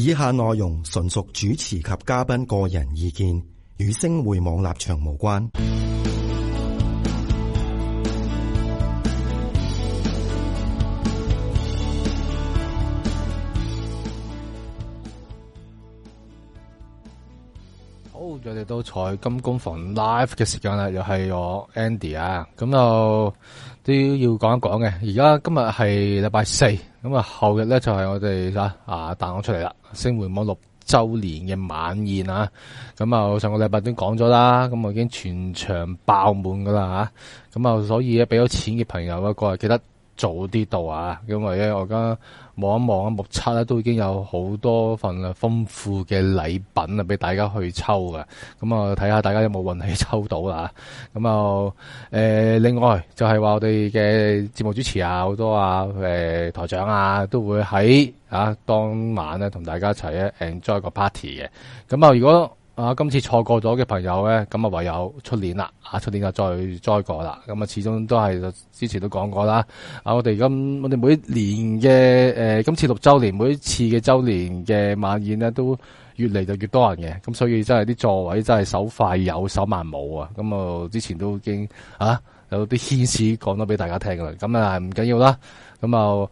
以下內容純屬主持及嘉賓個人意見，與星匯網立場無關。好，我哋到財金工房 live 嘅時間啦，又係我 Andy 啊，咁我都要講一講嘅。而家今日係禮拜四。咁、就是、啊，後日咧就係我哋啊啊，大我出嚟啦！星匯網六周年嘅晚宴啊，咁啊上個禮拜都講咗啦，咁啊已經全場爆滿噶啦吓，咁啊所以咧俾咗錢嘅朋友啊，過嚟記得。早啲到啊！因為咧，我而家望一望啊，目測咧都已經有好多份啊豐富嘅禮品啊，俾大家去抽㗎。咁、嗯、啊，睇下大家有冇運氣抽到啦。咁啊，誒、嗯呃，另外就係話我哋嘅節目主持啊，好多啊，誒、呃、台長啊，都會喺啊當晚咧同大家一齊咧 enjoy 個 party 嘅。咁、嗯、啊、呃，如果啊！今次錯過咗嘅朋友咧，咁啊唯有出年啦，出年就再再過啦。咁啊，始終都係之前都講過啦。啊，我哋今我哋每年嘅、呃、今次六週年，每一次嘅週年嘅晚宴咧，都越嚟就越多人嘅。咁所以真係啲座位真係手快有手慢冇啊！咁啊，之前都已經啊有啲先知講咗俾大家聽㗎啦。咁啊唔緊要啦，咁啊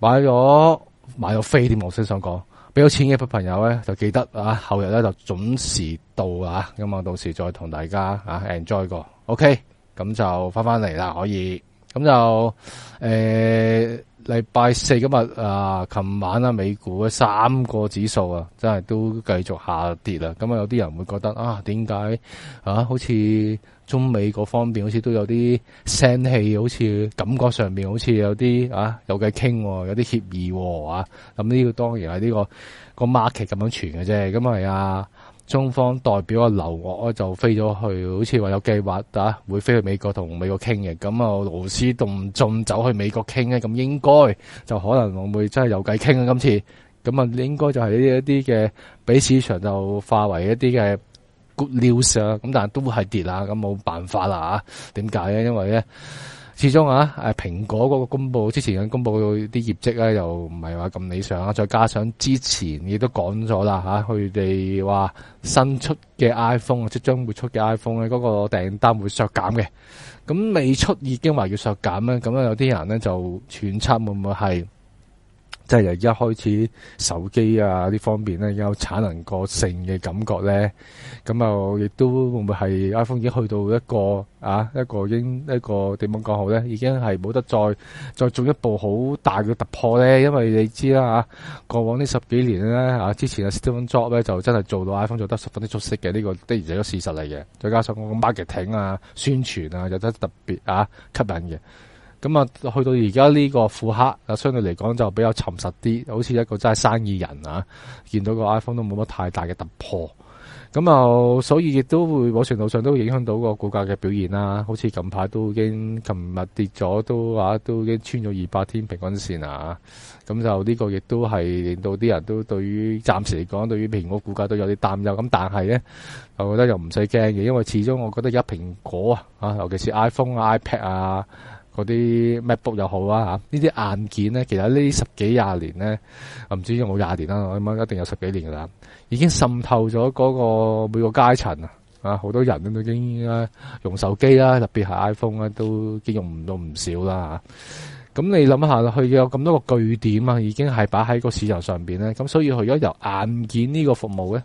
買咗買咗飛添，我先想講。俾咗錢嘅朋友咧，就記得啊，後日咧就準時到啊，希望到時再同大家啊 enjoy 過，OK，咁就翻翻嚟啦，可以，咁就誒。欸禮拜四今日啊，琴晚啊，美股啊，三個指數啊，真係都繼續下跌啦。咁啊，有啲人會覺得啊，點解啊，好似中美嗰方面好似都有啲聲氣，好似感覺上面，好似有啲啊，有偈傾，有啲協議啊。咁呢個當然係呢、這個、這個 market 咁樣傳嘅啫。咁係啊。中方代表阿劉岳我就飛咗去，好似話有計劃會、啊、會飛去美國同美國傾嘅。咁啊，羅斯動仲走去美國傾呢，咁、啊啊、應該就可能我會真係有偈傾啊。今次咁啊，應該就係一啲嘅，俾市場就化為一啲嘅 good news 啊。咁但係都係跌啦咁冇辦法啦吓。點解咧？因為咧。啊始終啊，誒、啊，蘋果嗰個公佈之前嘅公佈嗰啲業績咧、啊，又唔係話咁理想啊，再加上之前亦都講咗啦吓，佢哋話新出嘅 iPhone，即將會出嘅 iPhone 咧，嗰、嗰個訂單會削減嘅。咁未出已經話要削減咧，咁樣有啲人咧就揣測會唔會係？即係而家開始手機啊呢方面咧有產能過剩嘅感覺咧，咁啊亦都會唔會係 iPhone 已經去到一個啊一個應一個點樣講好咧？已經係冇得再再做一部好大嘅突破咧，因為你知啦嚇、啊，過往呢十幾年咧、啊、之前啊 Steven Jobs 咧就真係做到 iPhone 做得十分之出色嘅，呢、這個的而且確係事實嚟嘅。再加上我個 marketing 啊宣傳啊有得特別啊吸引嘅。咁啊，去到而家呢個庫克啊，相對嚟講就比較沉實啲，好似一個真係生意人啊，見到個 iPhone 都冇乜太大嘅突破。咁啊，所以亦都會某程度上都影響到個股價嘅表現啦、啊。好似近排都已經，琴日跌咗都啊，都已經穿咗二百天平均線啊。咁、啊、就呢個亦都係令到啲人都對於暫時嚟講，對於蘋果股價都有啲擔憂。咁但係咧，我覺得又唔使驚嘅，因為始終我覺得而家蘋果啊，啊，尤其是 iPhone 啊、iPad 啊。嗰啲 MacBook 又好啊，呢啲硬件咧，其實呢十幾廿年咧，唔知有冇廿年啦，我諗一定有十幾年噶啦，已經滲透咗嗰個每個階層啊，啊，好多人都已經咧、啊、用手機啦，特別係 iPhone 咧都已經用唔到唔少啦。咁、啊、你諗下啦，佢有咁多個據點啊，已經係擺喺個市場上邊咧，咁所以佢而家由硬件呢個服務咧。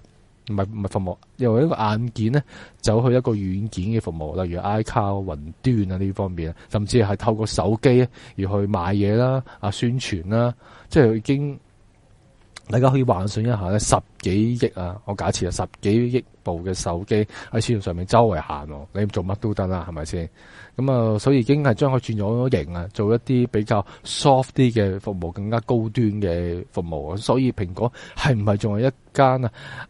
唔係唔係服務，又一個硬件咧，走去一個軟件嘅服務，例如 Icar 雲端啊呢方面，甚至係透過手機而去買嘢啦、啊宣傳啦，即係已經。大家可以幻想一下咧，十幾億啊，我假設啊，十幾億部嘅手機喺市場上面周圍行，你做乜都得啦，係咪先？咁啊，所以已經係將佢轉咗型啊，做一啲比較 soft 啲嘅服務，更加高端嘅服務。所以蘋果係唔係仲係一間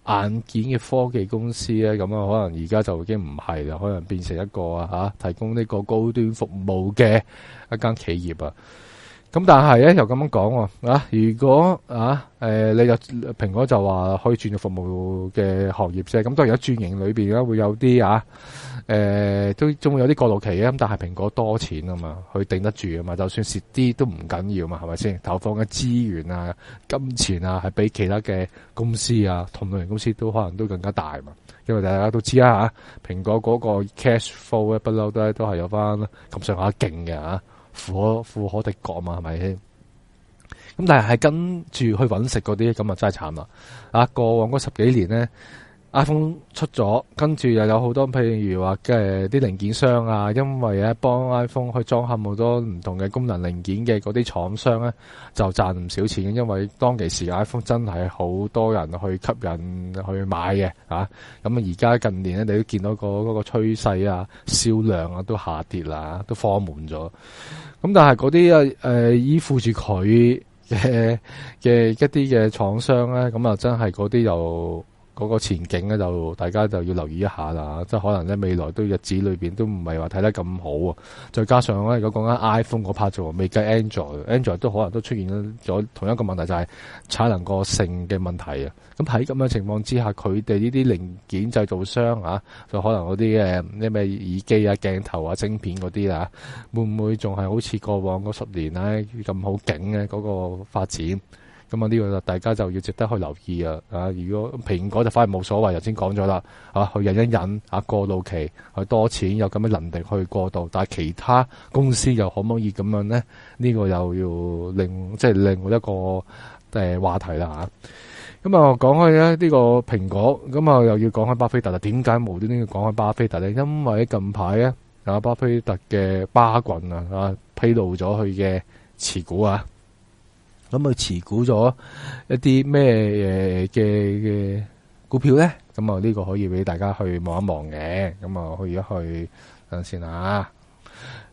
啊硬件嘅科技公司咧？咁啊，可能而家就已經唔係啦，可能變成一個啊嚇提供呢個高端服務嘅一間企業啊。咁但係咧又咁樣講喎，啊如果啊，誒、呃、你就蘋果就話可以轉入服務嘅行業啫，咁當然喺轉型裏邊咧會有啲啊，誒、呃、都仲會有啲過渡期嘅，咁但係蘋果多錢啊嘛，佢頂得住啊嘛，就算蝕啲都唔緊要嘛，係咪先？投放嘅資源啊、金錢啊，係比其他嘅公司啊、同類型公司都可能都更加大嘛，因為大家都知啦吓、啊啊，蘋果嗰個 cash flow 咧不嬲都都係有翻咁上下勁嘅啊。富可富可敵國嘛，係咪？咁但係係跟住去揾食嗰啲咁啊，真係慘啦！啊，過往嗰十幾年呢。iPhone 出咗，跟住又有好多，譬如話嘅啲零件商啊，因為一幫 iPhone 去裝下好多唔同嘅功能零件嘅嗰啲廠商咧，就賺唔少錢。因為當其時 iPhone 真係好多人去吸引去買嘅，吓、啊，咁而家近年咧，你都見到個嗰個趨勢啊，銷量啊都下跌啦，啊，都放滿咗。咁、啊、但係嗰啲誒依附住佢嘅嘅一啲嘅廠商咧，咁啊真係嗰啲又。嗰個前景咧就大家就要留意一下啦，即係可能咧未來都日子裏面都唔係話睇得咁好啊！再加上咧，如果講緊 iPhone 嗰 part 就未計 Android，Android 都可能都出現咗同一個問題，就係產能過剩嘅問題啊！咁喺咁嘅情況之下，佢哋呢啲零件製造商啊，就可能嗰啲誒啲咩耳機啊、鏡頭啊、晶片嗰啲啊，會唔會仲係好似過往嗰十年咧咁好勁嘅嗰個發展？咁啊，呢個大家就要值得去留意啊！啊，如果蘋果就反而冇所謂，頭先講咗啦，嚇去忍一忍，啊過渡期去多錢，有咁嘅能力去過渡。但係其他公司又可唔可以咁樣咧？呢、這個又要另即係、就是、另外一個誒話題啦嚇咁啊，講開咧呢個蘋果，咁啊又要講開巴菲特，點解無端端要講開巴菲特咧？因為近排咧啊，巴菲特嘅巴郡啊披露咗佢嘅持股啊。咁佢持股咗一啲咩嘅嘅股票咧？咁啊呢個可以俾大家去望一望嘅。咁啊可以去等下先啊。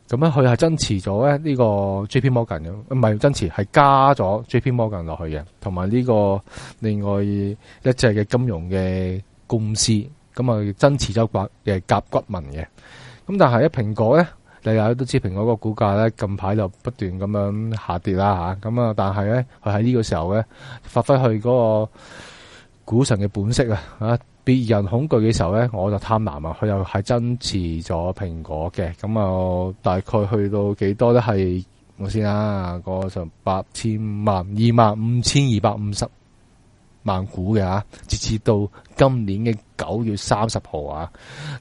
咁咧佢係增持咗咧呢個 J.P.Morgan 嘅唔係增持，係加咗 J.P.Morgan 落去嘅，同埋呢個另外一隻嘅金融嘅公司。咁啊增持咗夾嘅甲骨文嘅。咁但係一蘋果咧。大家都知蘋果個股價咧，近排就不斷咁樣下跌啦吓。咁啊，但係咧，佢喺呢個時候咧，發揮佢嗰個股神嘅本色啊！別人恐懼嘅時候咧，我就貪婪啊！佢又係增持咗蘋果嘅。咁啊大概去到幾多咧？係我先啦。嗰就八千萬二萬五千二百五十。萬股嘅吓，直至到今年嘅九月三十號啊，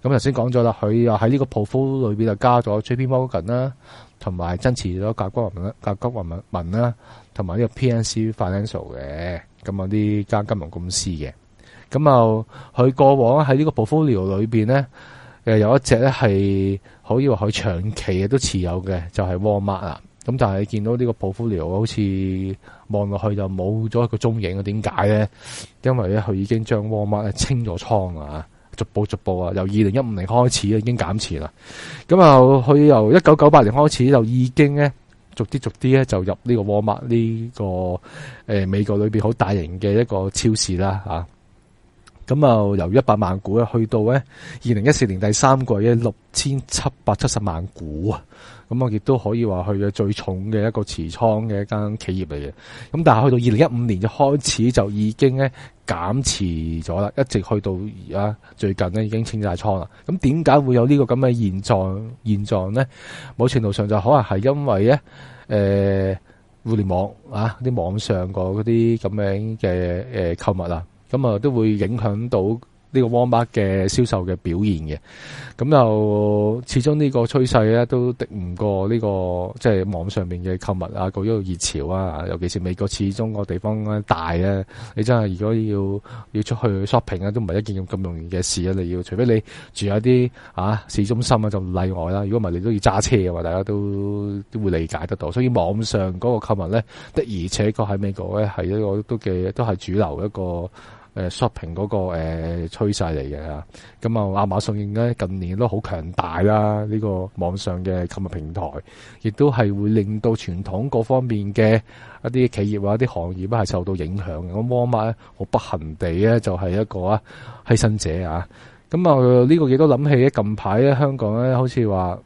咁頭先講咗啦，佢又喺呢個 portfolio 裏邊又加咗 JP Morgan 啦，同埋增持咗甲骨文甲骨文文啦，同埋呢個 PNC Financial 嘅，咁啊呢間金融公司嘅，咁啊佢過往喺呢個 portfolio 裏邊咧，誒有一隻咧係可以話佢長期嘅都持有嘅，就係 Walmart 啊。咁但係見到呢個波夫尼好似望落去就冇咗一個蹤影啊？點解咧？因為咧佢已經將沃爾瑪清咗倉啊，逐步逐步啊，由二零一五年開始已經減持啦。咁啊，佢由一九九八年開始就已經咧，逐啲逐啲咧就入呢個沃爾瑪呢個誒美國裏邊好大型嘅一個超市啦咁啊，由一百萬股啊，去到咧二零一四年第三季嘅六千七百七十萬股啊，咁啊亦都可以話去嘅最重嘅一個持倉嘅一間企業嚟嘅。咁但係去到二零一五年就開始就已經咧減持咗啦，一直去到而家最近咧已經清晒倉啦。咁點解會有呢個咁嘅現狀現狀咧？某程度上就可能係因為咧，誒、呃，互聯網啊啲網上個嗰啲咁樣嘅誒、呃、購物啊。咁啊，都會影響到呢個 Walmart 嘅銷售嘅表現嘅。咁又始終呢個趨勢咧，都敵唔過呢個即係網上面嘅購物啊，各種熱潮啊。尤其是美國，始終個地方大啊。你真係如果要要出去 shopping 啊，都唔係一件咁容易嘅事啊。你要，除非你住喺啲啊市中心啊，就例外啦。如果唔係，你都要揸車嘅話，大家都都會理解得到。所以網上嗰個購物咧，的而且確喺美國咧，係一個都幾，都係主流一個，誒 shopping 嗰個誒趨勢嚟嘅，咁啊亞馬遜應該近年都好強大啦，呢個網上嘅購物平台，亦都係會令到傳統各方面嘅一啲企業啊、一啲行業啊係受到影響嘅。我摩馬咧好不幸地咧就係一個啊犧牲者啊，咁啊呢個亦都諗起咧近排咧香港咧好似話。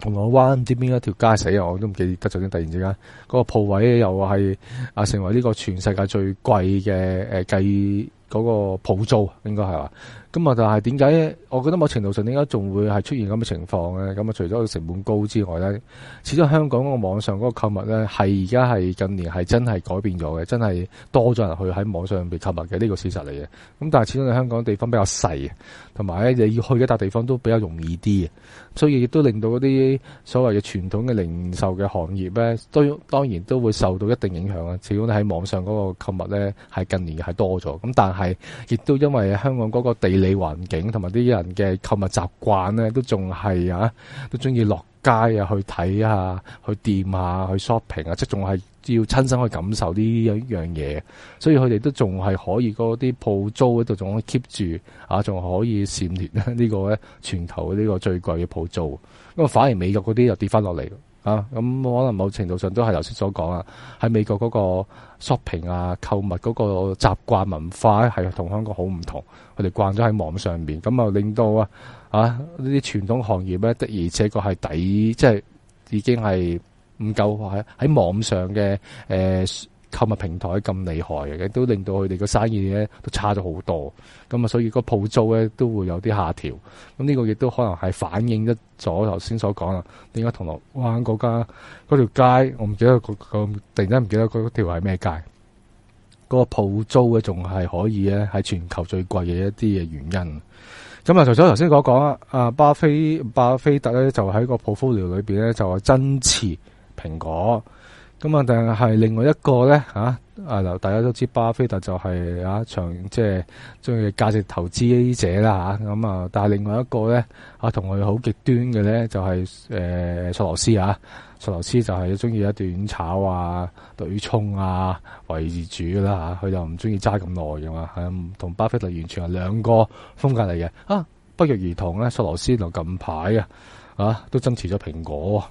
銅鑼灣唔知邊一條街死人，我都唔記得咗。突然之間，嗰個鋪位又係啊成為呢個全世界最貴嘅、呃、計嗰個鋪租，應該係話。咁啊，就係點解？我覺得某程度上點解仲會係出現咁嘅情況咧？咁啊，除咗佢成本高之外咧，始終香港個網上嗰個購物咧，係而家係近年係真係改變咗嘅，真係多咗人去喺網上入邊購物嘅呢個事實嚟嘅。咁但係始終香港地方比較細，同埋咧你要去一笪地方都比較容易啲，所以亦都令到嗰啲所謂嘅傳統嘅零售嘅行業咧，都當然都會受到一定影響啊。始終你喺網上嗰個購物咧，係近年係多咗，咁但係亦都因為香港嗰個地。理環境同埋啲人嘅購物習慣咧，都仲係啊，都中意落街啊，去睇啊，去掂啊，去 shopping 啊，即仲係要親身去感受呢一樣嘢。所以佢哋都仲係可以嗰啲鋪租嗰度仲 keep 住啊，仲可以蟬聯呢個咧全球呢個最貴嘅鋪租。咁啊，反而美國嗰啲又跌翻落嚟。咁可能某程度上都係頭先所講啊，喺美國嗰個 shopping 啊、購物嗰個習慣文化係同香港好唔同，佢哋慣咗喺網上面，咁啊令到啊啊呢啲傳統行業咧，的而且確係抵，即係已經係唔夠喺喺網上嘅誒。呃購物平台咁厲害嘅，都令到佢哋個生意咧都差咗好多。咁啊，所以個鋪租咧都會有啲下調。咁呢個亦都可能係反映一咗頭先所講啦。點解銅鑼灣嗰間嗰條街，我唔記得個突然間唔記得嗰條係咩街？嗰、嗰個鋪租咧仲係可以咧，係全球最貴嘅一啲嘅原因。咁啊，除咗頭先講講啊，巴菲特巴菲特咧就喺個 portfolio 裏面咧就增持蘋果。咁啊，但係另外一個咧嚇，啊，大家都知道巴菲特就係啊，長即係中意價值投資者啦嚇。咁啊，但係另外一個咧，啊，同佢好極端嘅咧、就係，就係誒索羅斯啊，索羅斯就係中意一段炒啊、對衝啊為主啦嚇。佢就唔中意揸咁耐嘅嘛，係同巴菲特完全係兩個風格嚟嘅。啊，不約而同咧，索羅斯就近排啊，啊都增持咗蘋果。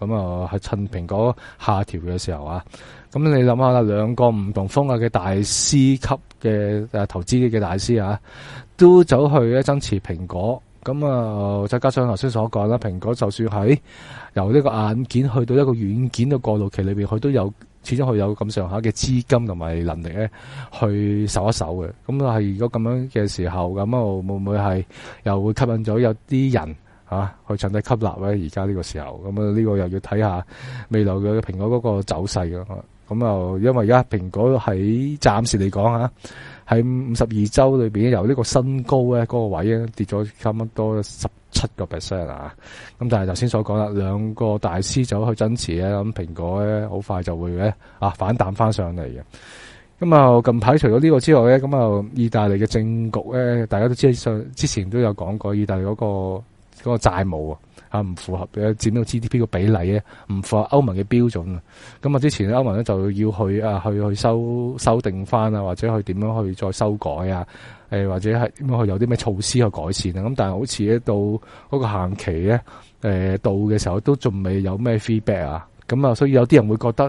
咁、嗯、啊，係趁蘋果下調嘅時候啊，咁你諗下啦，兩個唔同風格嘅大師級嘅誒、啊，投資嘅大師啊，都走去一增持蘋果。咁、嗯、啊，再加上頭先所講啦，蘋果就算喺由呢個硬件去到一個軟件嘅過渡期裏邊，佢都有，始終佢有咁上下嘅資金同埋能力咧，去守一守嘅。咁、嗯、啊，係如果咁樣嘅時候，咁、嗯、啊，會唔會係又會吸引咗有啲人？啊，去趁低吸納咧。而家呢個時候咁啊，呢、呢個又要睇下未來嘅蘋果嗰個走勢咯。咁啊，啊，因為而家蘋果喺暫時嚟講啊，喺五十二週裏邊由呢個新高咧嗰、嗰個位啊跌咗差唔多十七個 percent 啊。咁、啊啊、但係頭先所講啦，兩個大師走去增持咧，咁、啊、蘋果咧好快就會咧啊反彈翻上嚟嘅。咁啊，近排除咗呢個之外咧，咁啊，啊，意大利嘅政局咧、啊，大家都知上之前都有講過，意大利嗰、嗰個。嗰個債務啊，唔符合嘅佔到 GDP 嘅比例咧，唔符合歐盟嘅標準啊。咁啊，之前歐盟咧就要去啊，去去修修訂翻啊，或者去點樣去再修改啊，或者係點樣去有啲咩措施去改善啊。咁但係好似咧到嗰個限期咧、啊，到嘅時候都仲未有咩 feedback 啊。咁啊，所以有啲人會覺得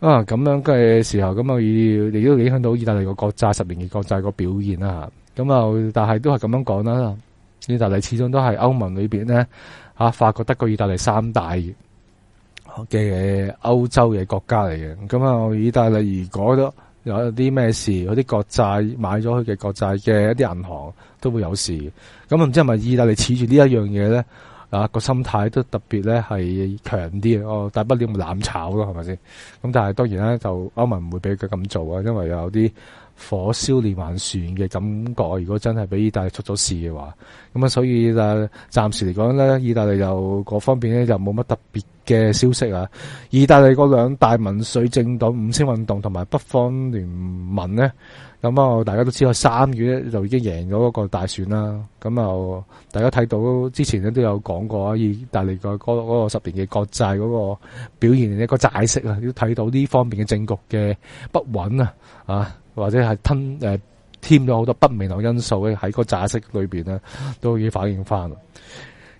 啊，咁樣嘅時候咁啊，亦都影響到意大利個國債十年嘅國債個表現啦嚇。咁啊，但係都係咁樣講啦。意大利始終都係歐盟裏邊咧，吓法國、德國、意大利三大嘅歐洲嘅國家嚟嘅。咁、嗯、啊，意大利如果都有啲咩事，有啲國債買咗佢嘅國債嘅一啲銀行都會有事。咁、嗯、啊，唔知係咪意大利恃住呢一樣嘢咧？啊，個心態都特別咧係強啲我哦，大不了咪攬炒咯，係咪先？咁、嗯、但係當然呢，就歐盟唔會俾佢咁做啊，因為有啲。火燒連環船嘅感覺，如果真係俾意大利出咗事嘅話，咁啊，所以誒暫時嚟講咧，意大利又嗰方面咧就冇乜特別嘅消息啊，意大利嗰兩大民粹政黨五星運動同埋北方聯盟呢，咁啊，大家都知道三月咧就已經贏咗一個大選啦。咁啊，大家睇到之前咧都有講過啊，意大利個、嗰個嗰個十年嘅國債嗰個表現，一個債息啊，都睇到呢方面嘅政局嘅不穩啊，啊或者係吞誒、呃、添咗好多不明朗因素咧、啊、喺個債息裏邊咧，都已經反映翻啦。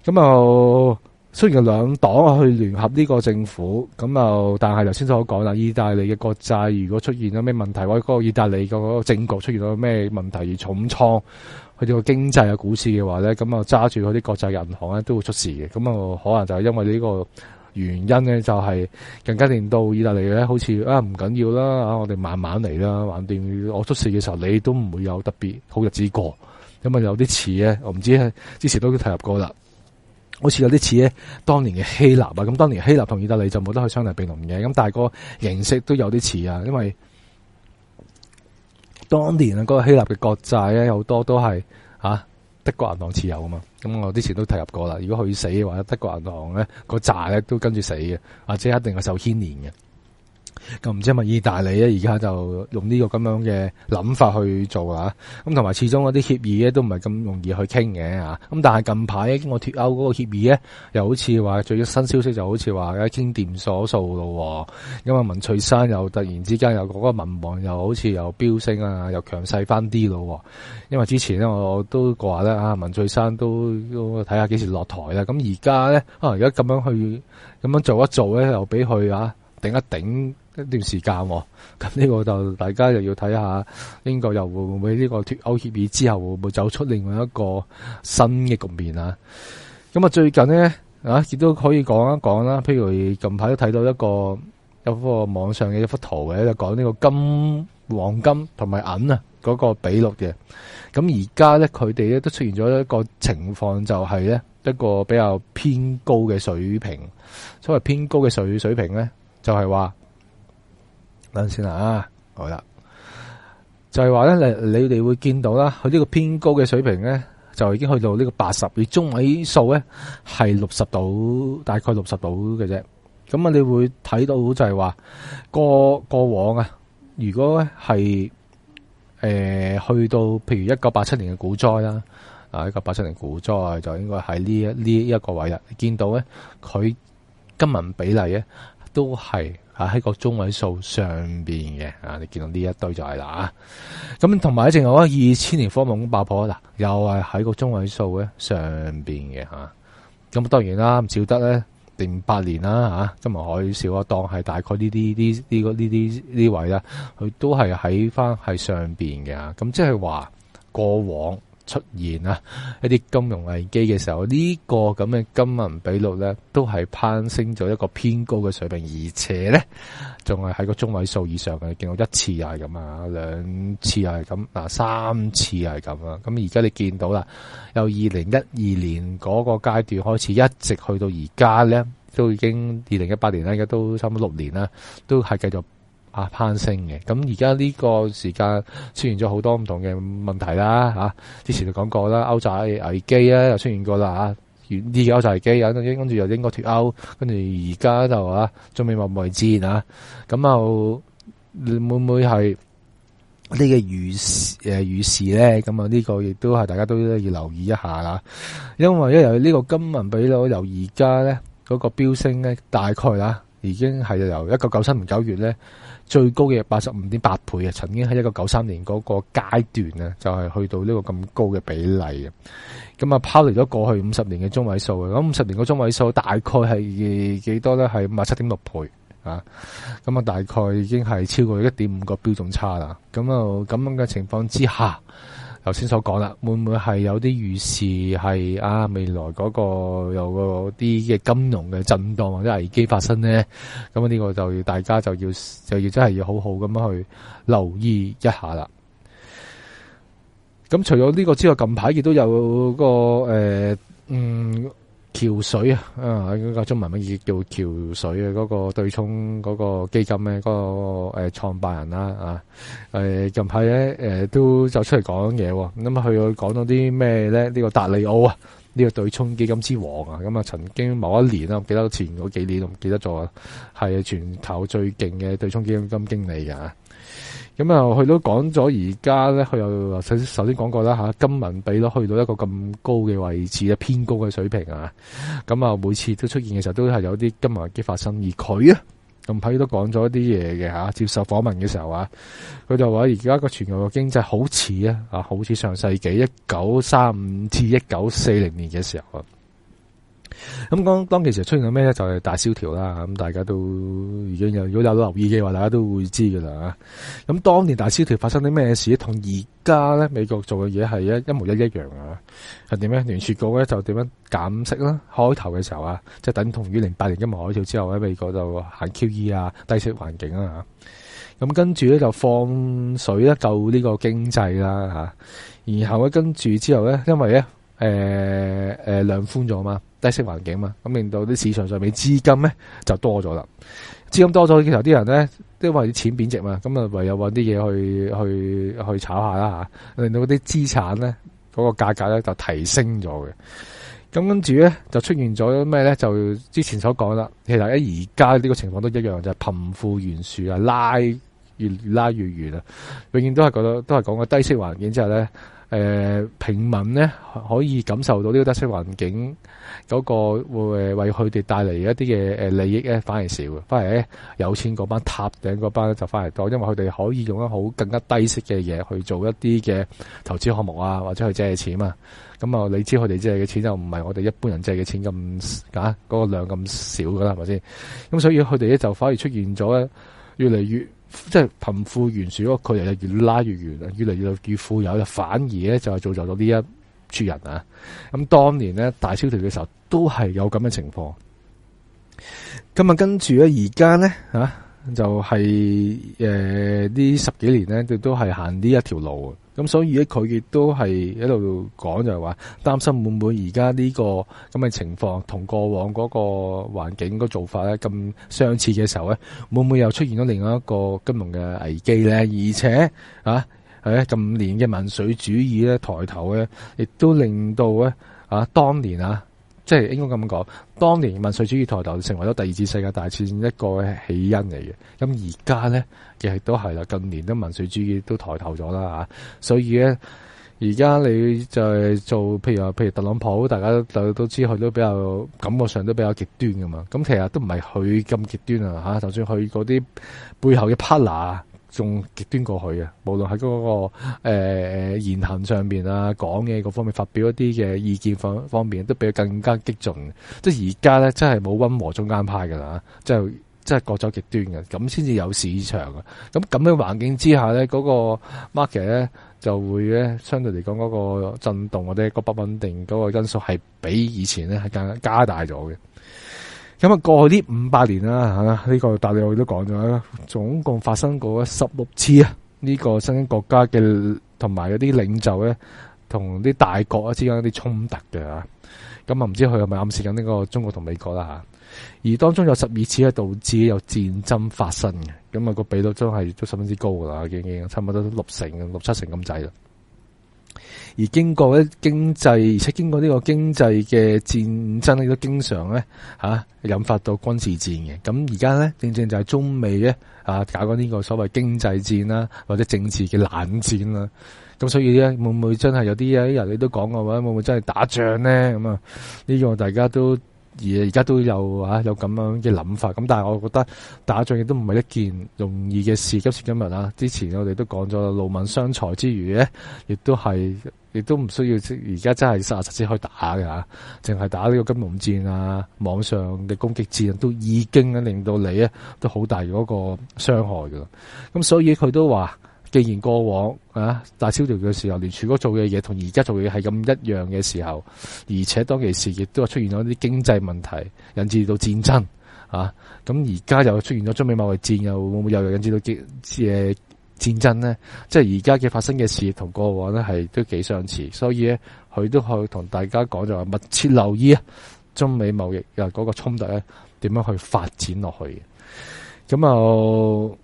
咁又。雖然有兩黨去聯合呢個政府，咁又但係頭先所講啦，意大利嘅國債如果出現咗咩問題，或者個意大利個政局出現咗咩問題而重創佢哋個經濟啊、股市嘅話咧，咁啊揸住佢啲國債銀行咧都會出事嘅，咁啊可能就係因為呢個原因咧，就係更加令到意大利咧好似啊唔緊要啦，啊我哋慢慢嚟啦，橫掂我出事嘅時候，你都唔會有特別好日子過，因為有啲似咧，我唔知之前都提及過啦。好似有啲似咧，當年嘅希臘啊，咁當年希臘同意大利就冇得去相提並論嘅，咁但係個形式都有啲似啊，因為當年啊嗰個希臘嘅國債咧，有好多都係、啊、德國銀行持有啊嘛，咁我之前都提及過啦，如果佢死嘅話，德國銀行咧，個債咧都跟住死嘅，或者一定係受牽連嘅。咁唔知係咪意大利咧，而家就用呢個咁樣嘅諗法去做啦，咁同埋始終嗰啲協議咧，都唔係咁容易去傾嘅啊！咁但係近排我脫歐嗰個協議咧，又好似話最新消息就好似話咧傾掂所數咯，因為文翠山又突然之間又嗰個民望又好似又飆升啊，又強勢翻啲咯，因為之前咧我都話啦，啊，文翠山都都睇下幾時落台啦。咁而家咧啊，而家咁樣去咁樣做一做咧，又俾佢啊頂一頂。一段時間，咁呢個就大家又要睇下呢個又會唔會呢個脫歐協議之後會唔會走出另外一個新嘅局面啊？咁啊，最近呢，啊，亦都可以講一講啦。譬如近排都睇到一個有幅網上嘅一幅圖嘅，就講呢個金、黃金同埋銀啊嗰個比率嘅。咁而家咧，佢哋咧都出現咗一個情況，就係咧一個比較偏高嘅水平。所謂偏高嘅水水平咧，就係話。等先啦啊，好啦，就係話咧，你你哋會見到啦，佢呢個偏高嘅水平咧，就已經去到呢個八十，中呢個八十，你中位數咧係六十度，大概六十度嘅啫。咁啊，你會睇到就係話過過往啊，如果係誒、呃、去到譬如一九八七年嘅股災啦，啊一九八七年股災就應該喺呢一呢一個位啦，你見到咧佢金銀比例咧。都係啊喺個中位數上邊嘅啊，你見到呢一堆就係啦，咁同埋啊，淨係二千年科網股爆破嗱，又係喺個中位數咧上邊嘅吓，咁當然啦，唔少得咧，零八年啦吓，今日可以少一當係大概呢啲啲呢個呢啲呢位啦，佢都係喺翻喺上邊嘅，咁即係話過往。出現啊一啲金融危機嘅時候、這個、這呢個咁嘅金銀比率咧都係攀升咗一個偏高嘅水平，而且咧仲係喺個中位數以上嘅，你見到一次又係咁啊，兩次又係咁，嗱三次又係咁啦。咁而家你見到啦，由二零一二年嗰個階段開始，一直去到而家咧，都已經二零一八年啦，而家都差唔多六年啦，都係繼續。啊，攀升嘅。咁而家呢個時間出現咗好多唔同嘅問題啦。吓、啊，之前就講過啦，歐債危機啊，又出現過啦。呢個歐債危機、啊，跟住又英國脫歐，跟住而家就啊，仲未話未知啊。咁又會唔會係呢個預示誒預示咧？咁啊，會會個呃、呢個亦都係大家都要留意一下啦。因為由呢個金銀比咧，由而家咧嗰個飆升咧，大概啦，已經係由一九九七年九月咧。最高嘅八十五點八倍啊，曾經喺一個九三年嗰個階段咧，就係去到呢個咁高嘅比例啊。咁啊，拋離咗過去五十年嘅中位數啊，咁五十年個中位數大概係幾多咧？係五十七點六倍啊。咁啊，大概已經係超過一點五個標準差啦。咁啊，咁樣嘅情況之下。頭先所講啦，會唔會係有啲預示係啊未來嗰，那個有啲嘅金融嘅震盪，或者危機發生呢？咁呢個就大家就要就要真係要好好咁去留意一下啦。咁除咗呢個之外，近排亦都有個誒、呃、嗯。橋水啊，啊，嗰個中文名叫橋水嘅嗰個對沖嗰個基金咧，嗰個創辦人啦，近排咧都走出嚟講嘢，喎。咁啊佢講到啲咩呢？呃啊、呢、呢個達利奧啊，呢、呢個對沖基金之王啊，咁啊，啊曾經某一年我記得前嗰幾年我唔記得咗，係全球最勁嘅對沖基金，金經理㗎、啊。咁啊，佢都講咗而家咧，佢又首先講過啦吓，金文比都去到一個咁高嘅位置啊，偏高嘅水平啊。咁啊，每次都出現嘅時候都係有啲金融危機發生。而佢啊，近排都講咗啲嘢嘅吓，接受訪問嘅時候啊，佢就話而家個全球嘅經濟好似啊，啊好似上世紀一九三五至一九四零年嘅時候啊。咁講當其實出現咩咧？就係大蕭條啦，咁大家都已經有如果有留意嘅話，大家都會知噶啦。咁當年大蕭條發生啲咩事，同而家咧美國做嘅嘢係一一模一一樣嘅，係點咧？聯儲局咧就點樣減息啦，開頭嘅時候啊，即係等同於零八年金融海嘯之後咧，美國就行 QE 啊，低息環境啊，咁跟住咧就放水咧救呢個經濟啦，吓，然後咧跟住之後咧，因為咧。誒、呃、誒，量寬咗嘛？低息環境嘛，咁令到啲市場上面資金咧就多咗啦。資金多咗，其實啲人咧都為啲錢貶值嘛，咁啊唯有揾啲嘢去去去炒下啦吓，令到啲資產咧嗰、嗰個價格咧就提升咗嘅。咁跟住咧就出現咗咩咧？就之前所講啦，其實喺而家呢個情況都一樣，就係貧富懸殊啊，拉越拉越遠啊，永遠都係覺得都係講個低息環境之後咧。誒平民咧可以感受到呢個低息環境嗰個，會為佢哋帶嚟一啲嘅利益咧，反而少。反而咧，有錢嗰班、塔頂嗰班咧，就返嚟多，因為佢哋可以用一好更加低息嘅嘢去做一啲嘅投資項目啊，或者去借錢啊。咁、嗯、啊，你知佢哋借嘅錢就唔係我哋一般人借嘅錢咁，嚇、那、嗰個量咁少噶啦，係咪先？咁所以佢哋咧就反而出現咗越嚟越。即係貧富懸殊嗰個距離就越拉越遠，越嚟越嚟越富有，就反而咧就係造就咗呢一處人啊。咁當年咧大蕭條嘅時候都係有咁嘅情況。咁啊，跟住咧而家咧就係誒呢十幾年咧，佢都係行呢一條路咁所以咧，佢亦都係喺度講，就係話擔心，會唔會而家呢個咁嘅情況同過往嗰個環境個做法咧咁相似嘅時候咧，會唔會又出現咗另外一個金融嘅危機咧？而且啊，近年嘅民粹主義咧抬頭咧，亦都令到咧啊，啊，當年啊。即係應該咁講，當年民粹主義抬頭，成為咗第二次世界大戰一個起因嚟嘅。咁而家咧，其實都係啦，近年都民粹主義都抬頭咗啦嚇。所以咧，而家你就係做譬如話，譬如特朗普，大家都都知佢都比較感覺上都比較極端噶嘛。咁其實都唔係佢咁極端啊嚇。就算佢嗰啲背後嘅 partner。仲極端過去啊！無論喺嗰個、呃、言行上面啊，講嘢各方面發表一啲嘅意見方方面，都比佢更加激進。即係而家咧，真係冇溫和中間派㗎啦，即係即係過咗極端嘅，咁先至有市場啊！咁咁嘅環境之下咧，嗰、嗰個 market 咧就會咧相對嚟講嗰個震動或者個不穩定嗰個因素係比以前咧係加大咗嘅。咁啊，過去呢五百年啦，吓、這、呢個，道理我哋都講咗啦。總共發生過十六次啊，呢個新興國家嘅同埋有啲領袖咧，同啲大國啊之間一啲衝突嘅吓，咁啊唔知佢係咪暗示緊呢個中國同美國啦吓，而當中有十二次導致有戰爭發生嘅，咁、那、啊個比率真係都十分之高噶啦，已經差唔多六成六七成咁滯啦。而經過咧經濟，而且經過呢個經濟嘅戰爭咧，都經常咧吓、啊、引發到軍事戰嘅。咁而家咧，正正就係中美咧啊搞緊呢個所謂經濟戰啦，或者政治嘅冷戰啦。咁所以咧，會唔會真係有啲人你都講過話，會唔會真係打仗咧？咁啊，呢個大家都。而家都有啊，有咁樣嘅諗法，咁但係我覺得打仗亦都唔係一件容易嘅事。今時今日啊，之前我哋都講咗勞民傷財之餘咧，亦都係亦都唔需要即係而家真係實在實之去打嘅嚇，淨係打呢個金融戰啊、網上嘅攻擊戰啊，都已經啊令到你啊都好大嗰個傷害㗎。咁所以佢都話。既然過往啊大蕭條嘅時候，聯儲局做嘅嘢同而家做嘅嘢係咁一樣嘅時候，而且當其時亦都出現咗啲經濟問題，引致到戰爭啊！咁而家又出現咗中美貿易戰，又會唔會又引致到經誒戰爭咧？即係而家嘅發生嘅事同過往咧係都幾相似，所以咧佢都可以同大家講就話密切留意啊中美貿易啊嗰個衝突咧點樣去發展落去嘅，咁、啊、又。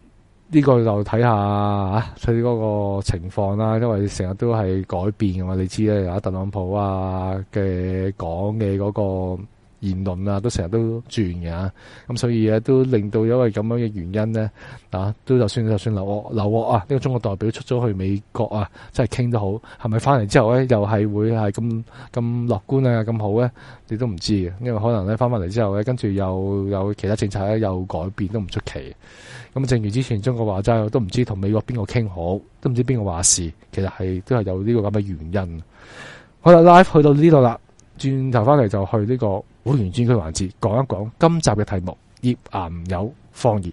呢個就睇下佢嗰個情況啦，因為成日都係改變嘅嘛，你知咧，有特朗普啊嘅講嘅嗰個。言論啊，都成日都轉嘅，咁所以啊都令到因為咁樣嘅原因呢，啊，都就算就算留惡留惡啊，呢個中國代表出咗去美國啊，真係傾得好，係咪翻嚟之後呢，又係會係咁咁樂觀啊咁好呢，你都唔知因為可能呢翻翻嚟之後呢，跟住又，又有其他政策咧又改變都唔出奇。咁正如之前中國話齋，我都唔知同美國邊個傾好，都唔知邊個話事，其實係都係有呢個咁嘅原因。好啦 Live 去到呢度啦。轉頭翻嚟就去呢，這個會員專區環節講一講今集嘅題目：頁岩油謊言。